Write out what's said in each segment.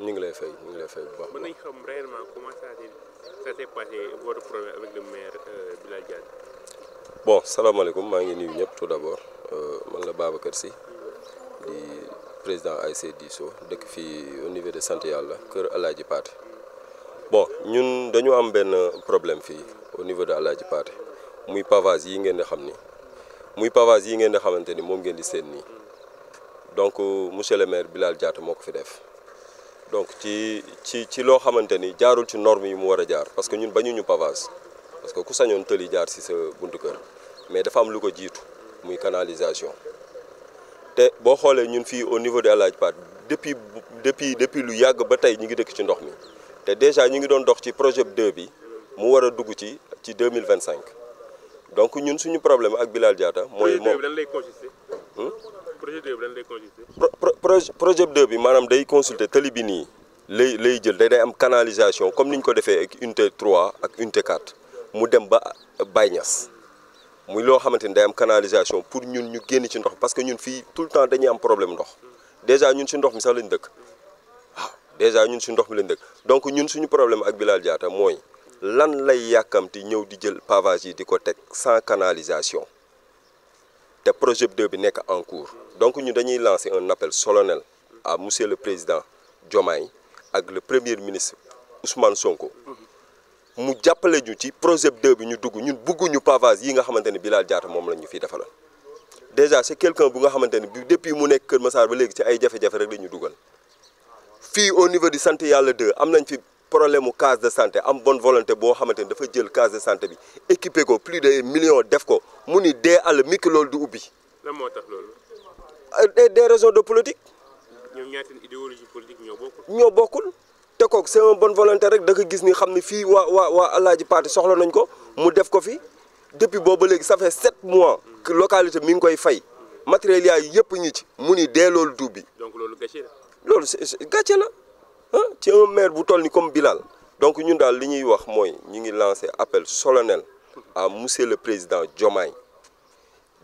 ñu ngi lay fay ñu ngi lay fay bu baax. mën nañu xam réellement comment ça ça s'est passé votre problème avec euh, salaamaaleykum maa ngi nuyu ñëpp tout d'abord euh, man la Babacar Sy di président ASC Disso dëkk fii au niveau de sant yàlla kër Alaaji Paate bon ñun dañu am benn problème fii au niveau de Alaaji Paate muy pavage yi ngeen di xam ni muy pavage yi ngeen di xamante ni moom ngeen di seen nii donc euh, monsieur le maire Bilal Diatta moo ko fi def. donc ci ci ci loo xamante ni jaarul ci norme yi mu war a jaar parce que ñun bañuñu pavage parce que ku sañoon tëli jaar si sa buntu kër mais dafa am lu ko jiitu muy canalisation te boo xoolee ñun fii au niveau de El Hadj Pat depuis depuis depuis lu yàgg ba tey ñu ngi dëkk ci ndox mi te déjà ñu ngi doon dox ci projet 2 bi mu war a dugg ci ci 2025 donc ñun suñu problème ak Bilal Diatta mooy moom projet 2 bi lan projet projet 2 bi maanaam day consulter tali bi nii lay lay jël day day am canalisation comme ni ñu ko defee ak unité trois ak unité 4 mu dem ba Baye Niass muy loo xamante ni day am canalisation pour ñun ñu génne ci ndox parce que ñun fii tout le temps dañuy am problème ndox déjà ñun ci ndox mi sax lañu dëkk waaw déjà ñun ci ndox mi lañ dëkk donc ñun suñu problème ak Bilal Diatta mooy lan lay yàkkamti ñëw di jël pavage yi di ko teg sans canalisation te projet 2 bi nekk en donc ñu dañuy lancer un appel solennel à monsieur le président Diomaye ak le premier ministre Ousmane Sonko mu jàppale ñu ci projet de bi ñu dugg ñun bëgguñu pavage yi nga xamante ne Bilal Diatta moom la ñu fiy defalal déjà c'est quelqu'un bu nga xamante ne bi depuis mu nekk Kër Massar ba léegi ci ay jafe-jafe rek la ñu dugal fii au niveau de santé yàlla de am nañ fi problème mu case de santé am bon volonté boo xamante ni dafa jël case de santé bi équipé ko plus de millions def ko mu ni dee àll mi loolu du ubbi. lan loolu. Euh, des des raisons de politique. ñoom ñaata idéologie politique ñoo bokkul. ñoo bokkul te kook c'est un bon volontaire rek da ko gis ni xam ni fii waa waa waa Alaaji soxla nañ ko mu def ko fi depuis boobu léegi ça fait sept mois. que localité mi ngi koy fay. matériel yaay yëpp ñu ci mu ni dee loolu duub bi. donc loolu gàcce la. loolu gàcce la ah ci un maire bu toll ni comme Bilal. donc ñun daal li ñuy wax mooy ñu ngi lancé appel solennel à monsieur le président Diomaye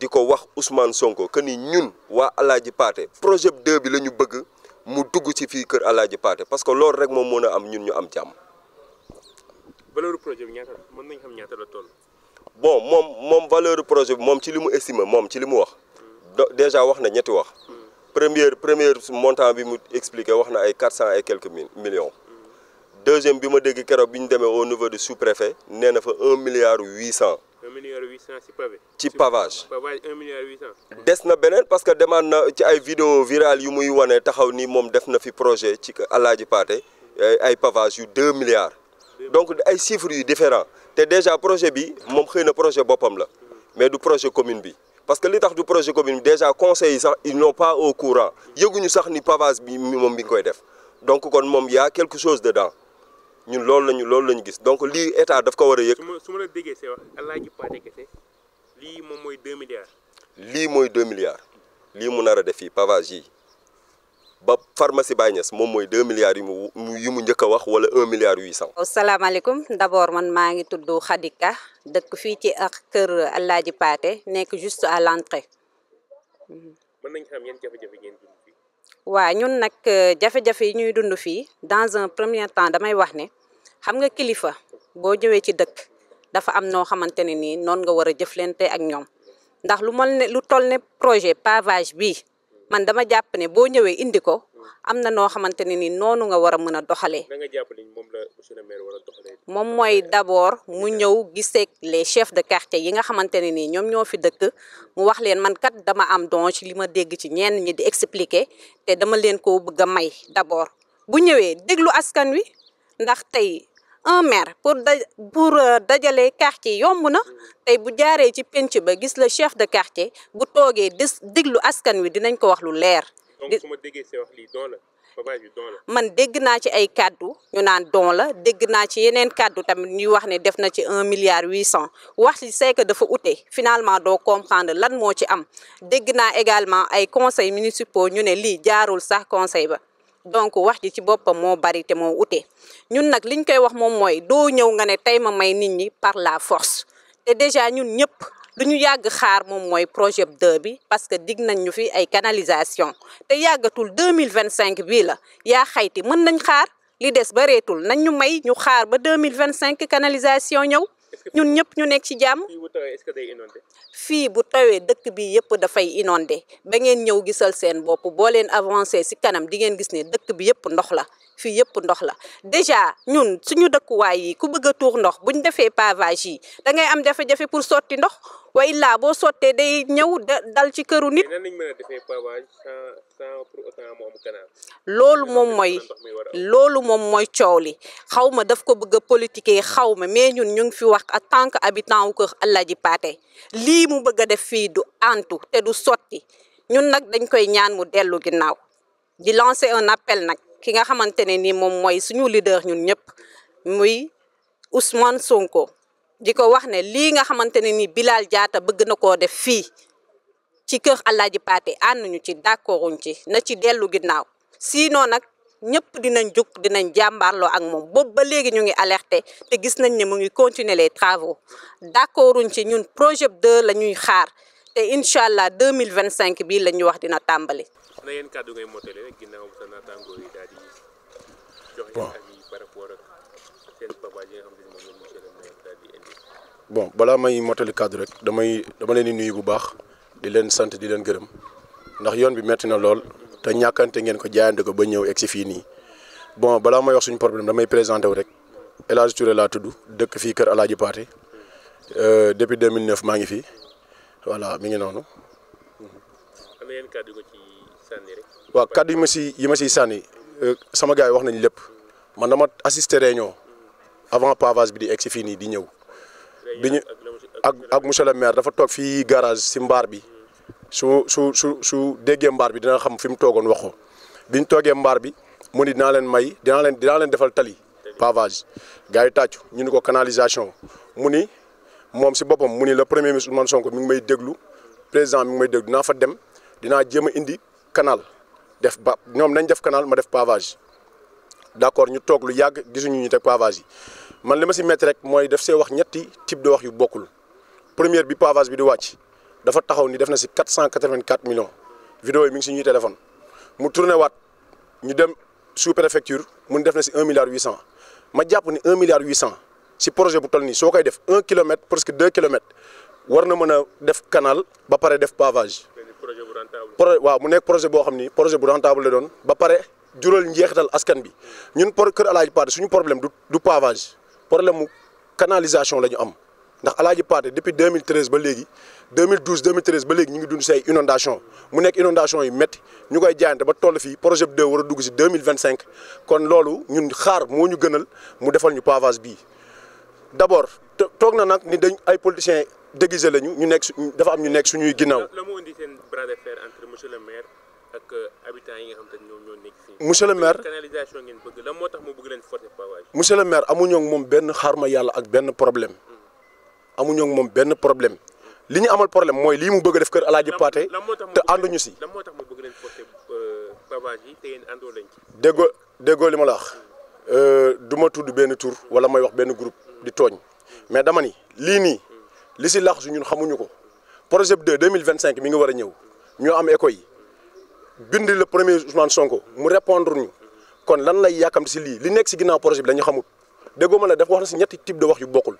di ko wax Ousmane Sonko que ni ñun waa Alaaji Paate projet 2 bi la ñu bëgg mu dugg ci fii kër Alaaji Paate parce que loolu rek moom mën a am ñun ñu am jàmm. valeur projet bi ñaata mën nañ xam ñaata la toll. bon moom moom valeur projet moom ci li mu estimé moom ci li mu wax. déjà wax na ñetti wax. première première montant bi mu expliqué wax na ay quatre cent ay quelques million deuxième bi ma dégg keroog bi ñu demee au niveau du sous-préfet nee na fa un milliard huit cent. 1 milliard 800 ci pavé. ci pavage pavage des na beneen parce que demand na ci ay vidéo virale yu muy wane taxaw ni moom def na fi projet ci Alaaji Paate eh, ay pavage yu 2 milliards. donc ay chiffres yu différents te déjà projet bi moom xëy na projet boppam la mais du projet commune bi. parce que li tax du projet commune déjà conseil yi sax ils n'ont pas au courant yëguñu sax ni pavage bi moom bi ngi koy def donc kon moom yaa a quelque chose dedans ñun loolu lañu loolu lañu gis donc lii état daf ko war a yëg. su ma su ma la déggee sa wax Alaaji Pathé Guèye lii moom mooy 2 milliards. lii mooy 2 milliards lii mu nar a def fii pavage yi ba pharmacie Baye Niass moom mooy deux milliards yi mu yi mu njëkk a wax wala 1 milliard 800. asalaamaaleykum d' abord man maa ngi tudd Khadika dëkk fii ci ak kër Alaaji Pathé nekk juste à l' entrée. mën nañu xam yan jafe-jafe ngeen waa ñun nag euh, jafe-jafe yi ñuy dund fii dans un premier temps damay wax ne xam nga kilifa boo ñëwee ci dëkk dafa am noo xamante ne nii noonu nga war a jëflante ak ñoom ndax lu mel ne lu toll ne projet pavage bii man dama jàpp ne boo ñëwee indi ko am na noo xamante ne ni noonu nga war a mën a doxalee. moom mooy d' abord mu ñëw gisee les chefs de quartier yi nga xamante ne ni ñoom ñoo fi dëkk mu wax leen man kat dama am don ci li ma dégg ci ñenn ñi di expliquer te dama leen ko bëgg a may d' abord bu ñëwee déglu askan wi ndax tey. un maire pour da euh, dajale quartier yomb na tey bu jaaree ci penc ba gis la chef de quartier bu toogee des déglu askan wi dinañ ko wax lu leer man dégg naa ci ay kàddu ñu naan don la dégg naa ci yeneen kàddu tamit ñuy wax ne def na ci un milliard huit cent wax li c'est dafa ute finalement doo comprendre lan moo ci am dégg naa également ay conseils municipaux ñu ne lii jaarul sax conseil ba. donc wax ji ci boppam moo bari te moo ute ñun nag liñ koy wax moom mooy doo ñëw nga ne tey ma may nit ñi par la force te déjà ñun ñëpp. lu ñu yàgg xaar moom mooy projet 2 bi parce que dig nañ ñu fi ay canalisation te yàggatul 2025 bii la yaa xayti mën nañ xaar li des bareetul nañ ñu may ñu xaar ba mille vingt cinq canalisation ñëw ñun ñëpp ñu nekk ci jàmm fii bu tawee dëkk bi yëpp dafay inondé ba ngeen ñëw gisal seen bopp booleen leen avancé si kanam di ngeen gis ne dëkk bi yëpp ndox la fii yëpp ndox la déjà ñun suñu dëkkuwaay yi ku bëgg a tuur ndox buñ defee pavage yi da ngay am jafe-jafe pour sotti ndox way laa boo sottee day ñëw dal ci këru nit. loolu moom mooy coow li xaw ma daf ko bëgg a politiquer xaw ma mais ñun ñu ngi fi wax en tant que habitant wu kër Aladji Pathé lii mu bëgg a def fii du antu te du sotti ñun nag dañ koy ñaan mu dellu ginnaaw di lancer un appel nag ki nga xamante ne ni moom mooy suñu leader ñun ñëpp muy Ousmane Sonko. di ko wax ne lii nga xamante ne ni Bilal jaata bëgg na koo def fii ci kër Alaaji Paate ànduñu ci d'accorduñ ci na ci dellu ginnaaw sinon nag ñëpp dinañ jug dinañ jàmbaarloo ak moom boobu ba léegi ñu ngi alerte te gis nañ ne mu ngi continuer les travaux d'accorduñ ci ñun projet 2 la ñuy xaar te incha allah 2025 bii la ñuy wax dina tàmbali. na yéen kàddu ngay bon balaa may motali kaddu rek damay dama leen di nuyu bu baax di leen sant di leen gërëm ndax yoon bi metti na lool te ñàkkante ngeen ko jaayante ko ba ñëw egg si fii nii bon balaa may wax suñu problème damay présenté wu rek El Hadj Touré laa tuddu dëkk fii kër El Hadj Paté euh, depuis 2009 maa ngi fii voilà mi ngi noonu. am na yenn yi ma si yi ma siy sànni euh, sama gaa yi wax nañ lépp man dama assister réunion avant pavage bi di egg si fii nii di ñëw. bi ñu ak ak monsieur le maire dafa toog fii garage si mbaar bi su su su su déggee mbaar bi dina xam fi mu toogoon waxoo bi ñu toogee mbaar bi mu ni dinaa leen may dinaa leen dinaa leen defal tali pavage gars yi tàccu ñu ni ko canalisation mu ni moom si boppam mu ni la premier ministre Ousmane Sonko mi ngi may déglu président mi ngi may déglu dinaa fa dem dinaa jéem a indi canal def ba ñoom dañ def canal ma def pavage d'accord ñu toog lu yàgg gisuñu ñu teg pavage yi man la ma si métti rek mooy def see wax ñetti type de wax yu bokkul première bi pavage bi di wàcc dafa taxaw ni def na si 484 millions vidéo yi mi ngi si ñuy téléphone mu tourné waat ñu dem sous préfecture mun def na si 1 milliard 800 ma jàpp ni 1 milliard 800 si projet bu toll nii soo koy def 1 kilomètre presque 2 kilomètres war na mën a def kanaal ba pare def pavage. projet bu waaw mu nekk projet boo xam ni projet bu rentable la doon ba pare jural njeexital askan bi ñun pour Kër Alaaji suñu problème du du pavage. problème mu canalisation la ñu am ndax Alaaji Paate depuis 2013 ba léegi 2012 2013 ba léegi ñu ngi dund say inondation mu nekk inondation yi métti ñu koy jaayante ba toll fii projet bi 2 war a dugg si 2025 kon loolu ñun xaar moo ñu gënal mu defal ñu pavage bii d' abord toog na nag ni dañ ay politiciens déguisé lañu ñu nekk dafa am ñu nekk suñuy ginnaaw. la moo indi seen bras le maire. ak euh, habitants yi nga xam te ne ñoom ñoo monsieur le maire canalisation ngeen bëgg moo tax mu bëgg leen forcer pavage. monsieur le maire amuñu moom benn xaarma yàlla ak benn problème. Hmm. amuñu moom benn problème. Hmm. li ñu amal problème mooy lii mu bëgg def kër Alaaji Paate te ànduñu si. moo tax mu bëgg leen forcer euh, pavage yi te yéen àndoo leen ci. déggoo déggoo li ma la wax hmm. euh, du ma tudd benn tur wala may wax benn groupe di tooñ mais dama ni lii nii li si laxasu ñun xamuñu ko projet 2 cinq mi ngi war a ñëw ñoo am éco yi. bindi le premier Ousmane Sonko mu répondre ñu kon lan lay yàkkamti si lii li nekk si ginnaaw projet bi dañu xamul déggoo ma la dafa wax na si ñetti type de wax yu bokkul.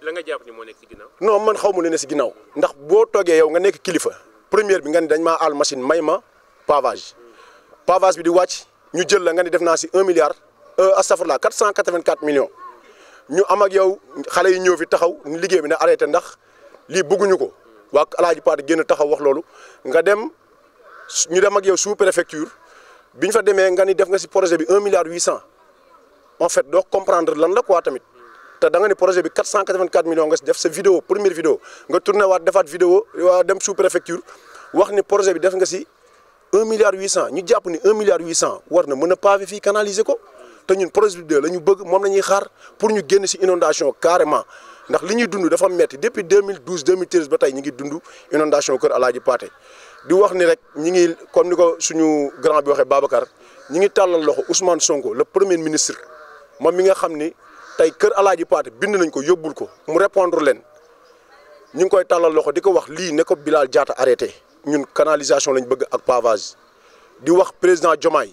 la nga jàpp ni moo nekk si ginnaaw. non man xaw ma lu ne si ginnaaw ndax boo toogee yow nga nekk kilifa première bi nga ni dañ ma àll machine may ma pavage pavage bi di wàcc ñu jël la nga ni def naa si un milliard euh, astafurlah 484 millions ñu am ak yow xale yi ñëw fi taxaw liggéey bi na arrêté ndax lii bëgguñu ko waa Alaaji Paate génn taxaw wax loolu nga dem. ñu dem ak yow sous préfecture bi ñu fa demee nga ni def nga si projet bi un milliard huit cent en fait doo comprendre lan la quoi tamit te da nga ne projet bi 484 millions nga si def sa vidéo première vidéo nga tourné waat defaat vidéo waa dem sous préfecture wax ni projet bi def nga si un milliard huit cent ñu jàpp ni un milliard huit cent war na mën a pavé fii canaliser ko te ñun projet bi la ñu bëgg moom la ñuy xaar pour ñu génn si inondation carrément ndax li ñuy dund dafa metti depuis 2012 2013 ba tey ñu ngi dund inondation Kër di wax ni rek ñi ngi comme ni ko suñu grand bi waxee Babacar ñi ngi tàllal loxo Ousmane Sonko la premier ministre moom mi nga xam ni tey kër Alaaji Paate bind nañ ko yóbbul ko mu répondre leen ñu ngi koy tàllal loxo di ko wax lii ne ko Bilal jaata arrêté ñun canalisation lañ bëgg ak pavage di wax président Diomaye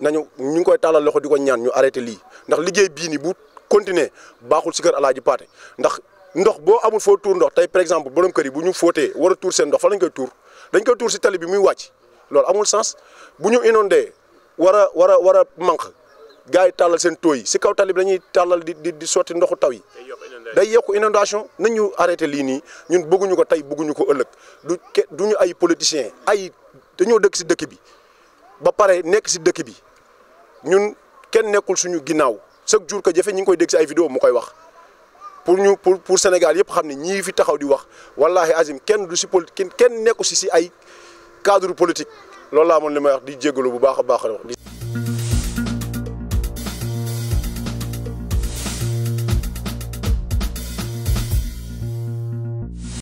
nañu ñu ngi koy tàllal loxo di ko ñaan ñu arrêté lii ndax liggéey bii ni bu continuer baaxul si kër Alaaji Paate ndax ndox boo amul foo tuur ndox tey par exemple borom yi bu ñu fóotee war seen ndox lañ koy tuur dañ koy tuur si tali bi muy wàcc loolu amul sens bu ñu inondé war a war a war a manq gars yi tàllal seen taux yi si kaw tali bi dañuy tàllal di di di sotti ndoxu taw yi. day yokk inondation nañu ñu arrêté lii nii ñun bëgguñu ko tey bëgguñu ko ëllëg du ke du ñu ay politiciens ay dañoo dëkk si dëkk bi ba pare nekk si dëkk bi ñun kenn nekkul suñu ginnaaw chaque jour que jafe ñu ngi koy dégg si ay vidéo mu koy wax. pour ñu pour pour Sénégal yëpp xam ne ñii fi taxaw di wax wallahi azim kenn du si politique kenn nekku si si ay cadre politique loolu laa moon li may wax di jégalu bu baax a baax